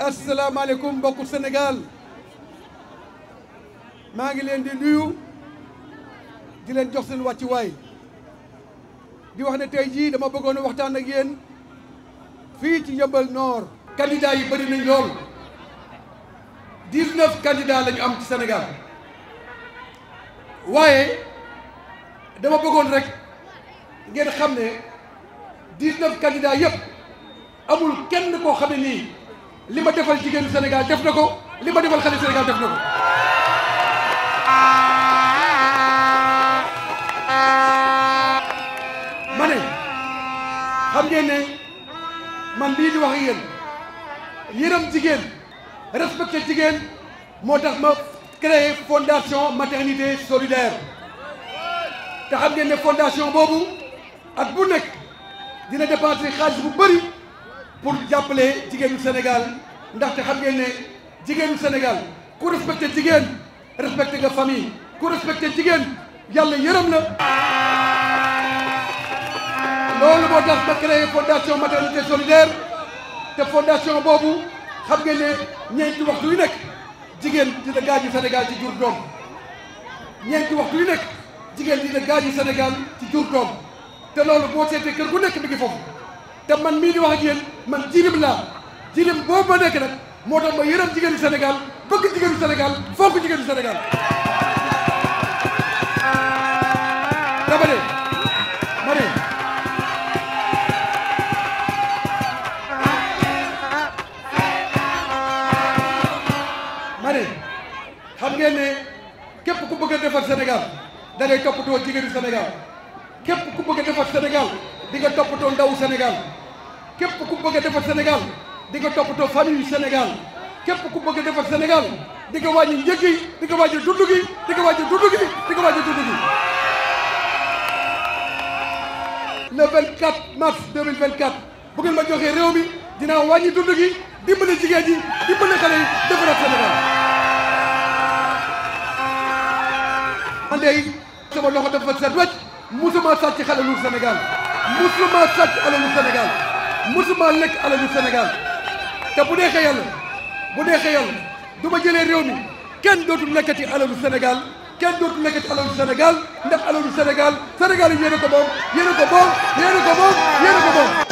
السلام عليكم بوكو سنغال ماغي لين دي نيو دي لين جوخ سن واتي واي دي واخ ني تاي جي داما بوغون وقتان اك يين في تي يبل نور كانديدا يي بري ني لول 19 كانديدا لا ني ام تي سنغال واي داما بوغون ريك نين خامني 19 كانديدا ييب امول كين كو خامني lima defal jigen du Sénégal def nako ko defal xali Sénégal def nako mané ma xam ngeen ne man lii di wax yeen yéen jigen respecté jigen motax ma créé fondation maternité solidaire te xam ngeen ne fondation bobu at bu nek dina dépenser xaalis bu bari pour jàppale jigéenu Sénégal ndaxte xam ngeen jigéenu Sénégal ku respecté jigéen respecté nga famille ku respecté jigéen yàlla yërëm la. loolu moo tax ma créé fondation maternité solidaire te fondation boobu xam ngeen ne ñeenti waxtu yu nekk jigéen dina gaañu Sénégal ci jur doom ñeenti waxtu yu nekk jigéen dina gaañu Sénégal ci jur doom te loolu boo seetee kër gu nekk mi ngi foofu te man mii di man jirim la jirim boobu ma nekk nag moo tax ma yërëm jigéenu bëgg jigéenu Sénégal fonk jigéenu Sénégal dama ne ma ne képp ku bëgg a defar Sénégal da ngay toppatoo jigéenu Sénégal képp ku bëgg a defar Sénégal di nga toppatoo ndawu Sénégal képp ku bëgg a defar Sénégal di nga toppatoo famille senegal képp ku bëgg a defar Sénégal di nga wàññi di nga wàññi dund di nga wàññi dund gi di nga wàññi dund gi. le 24 mars 2024 bu ngeen ma joxee réew mi dinaa wàññi dund gi dimbali jigéen ji dimbali xale yi defaraat Sénégal. man de sama loxo dafa set musuma sàcc xale lu musuma sàcc alalu Sénégal. mosuma lekk alalu Sénégal te bu dee yàlla bu dee yàlla du ma jëlee réew mi kenn dootul lekkati alalu Sénégal kenn dootul lekkati alalu Sénégal ndax alalu Sénégal Sénégal yi yéen a ko moom yéen a ko moom yéen a ko moom yéen a ko moom.